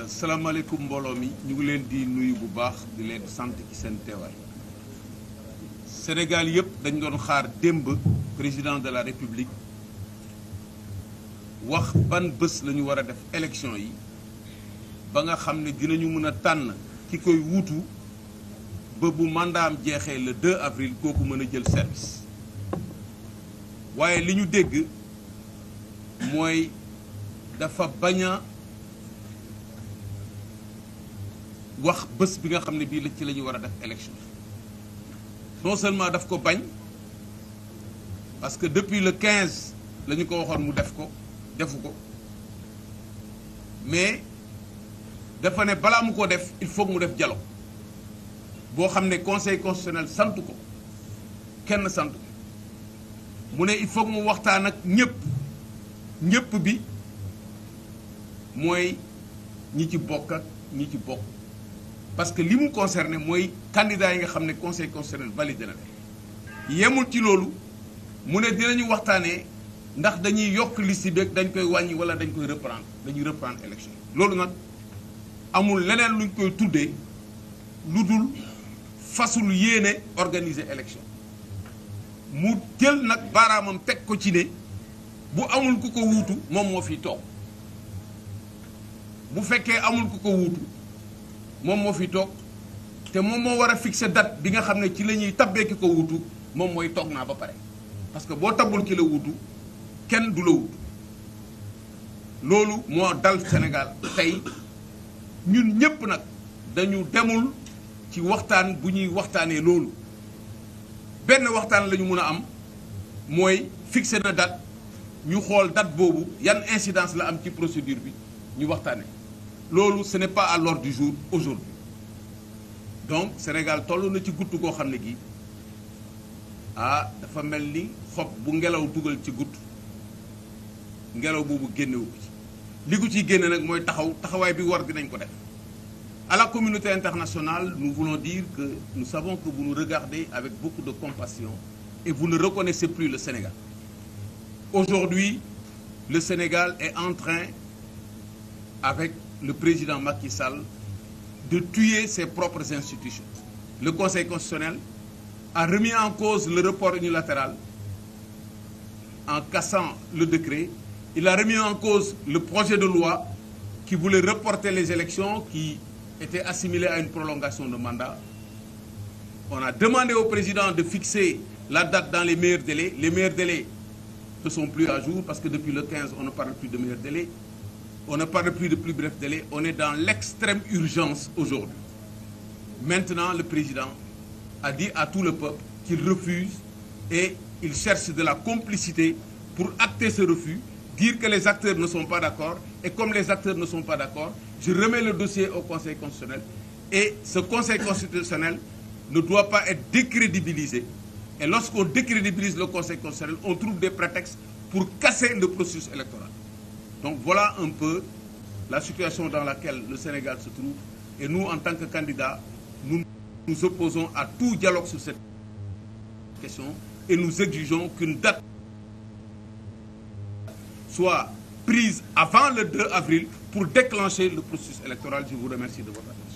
Euh, salaamaaleykum mbooloo mi ñu ngi leen di nuyu bu baax di leen sant ki seen teewaay Sénégal yëpp dañ doon xaar démb président de la république wax ban bés lañu ñu war a def élection yi ba nga xam ne dinañu mën a tànn ki koy wuutu ba bu mandaam jeexee le 2 avril kooku mën a jël service waaye li ñu dégg mooy dafa bañ a wax bés bi nga xam ne bii la ci la ñu war a def élection non seulement daf ko bañ parce que depuis le 15 la ñu ko waxoon mu def ko defu ko mais dafa ne balaa mu ko def il faut mu def dialogue boo xam ne conseil constitutionnel sant ko kenn sant ko mu ne il faut mu waxtaan ak ñëpp ñëpp bi mooy ñi ci bokk ak ñi ci bokk. parce que li mu concerné mooy candidat yi nga xam ne conseil concerné validé na la yemul ci loolu mu ne dinañu waxtaanee ndax dañuy yokk liste beeg dañ koy wàññi wala dañ koy reprendre dañuy reprendre élection loolu nag amul leneen luñ koy tuddee lu dul fasul yéene organiser élection mu jël nag baaraamam teg ko ci ne bu amul ku ko wuutu moom moo fi toog bu fekkee amul ku ko wuutu moom moo fi toog te moom moo war a fixer date bi nga xam ne ci la ñuy tabbee ki ko wutu moom mooy toog naa ba pare parce que boo tabul kilo la wutu kenn du la wutu loolu moo dal Sénégal tey ñun ñépp nag dañu demul ci waxtaan bu ñuy waxtaanee loolu benn waxtaan la ñu mun a am mooy fixe na date ñu xool date boobu yan incidence la am ci procédure bi ñu waxtaanee. loolu ce pas à l'ordre du jour aujourd'hui donc Sénégal toll na ci gutt goo xam ne gi ah dafa mel ni xob bu ngelaw dugal ci gutt ngelaw boobu génnewu ko ci li ko ciy génne nag mooy taxaw taxawaay bi war dinañ ko def à la communauté internationale nous voulons dire que nous savons que vous nous regardez avec beaucoup de compassion et vous ne reconnaissez plus le Sénégal aujourd'hui le Sénégal et entrain avec le président Macky Sall de tuer ses propres institutions. Le Conseil constitutionnel a remis en cause le report unilatéral en cassant le décret. Il a remis en cause le projet de loi qui voulait reporter les élections qui étaient assimilées à une prolongation de mandat. On a demandé au président de fixer la date dans les meilleurs délais. Les meilleurs délais ne sont plus à jour parce que depuis le 15, on ne parle plus de meilleurs délais. on ne parle plus de plus bref délai on est dans l'extrême urgence aujourd'hui maintenant le président a dit à tout le peuple qu'il refuse et il cherche de la complicité pour acter ce refus dire que les acteurs ne sont pas d'accord et comme les acteurs ne sont pas d'accord je remets le dossier au Conseil constitutionnel et ce Conseil constitutionnel ne doit pas être décrédibilisé et lorsqu'on décrédibilise le Conseil constitutionnel on trouve des prétextes pour casser le processus électoral Donc voilà un peu la situation dans laquelle le Sénégal se trouve. Et nous, en tant que candidats, nous nous opposons à tout dialogue sur cette question et nous exigeons qu'une date soit prise avant le 2 avril pour déclencher le processus électoral. Je vous remercie de votre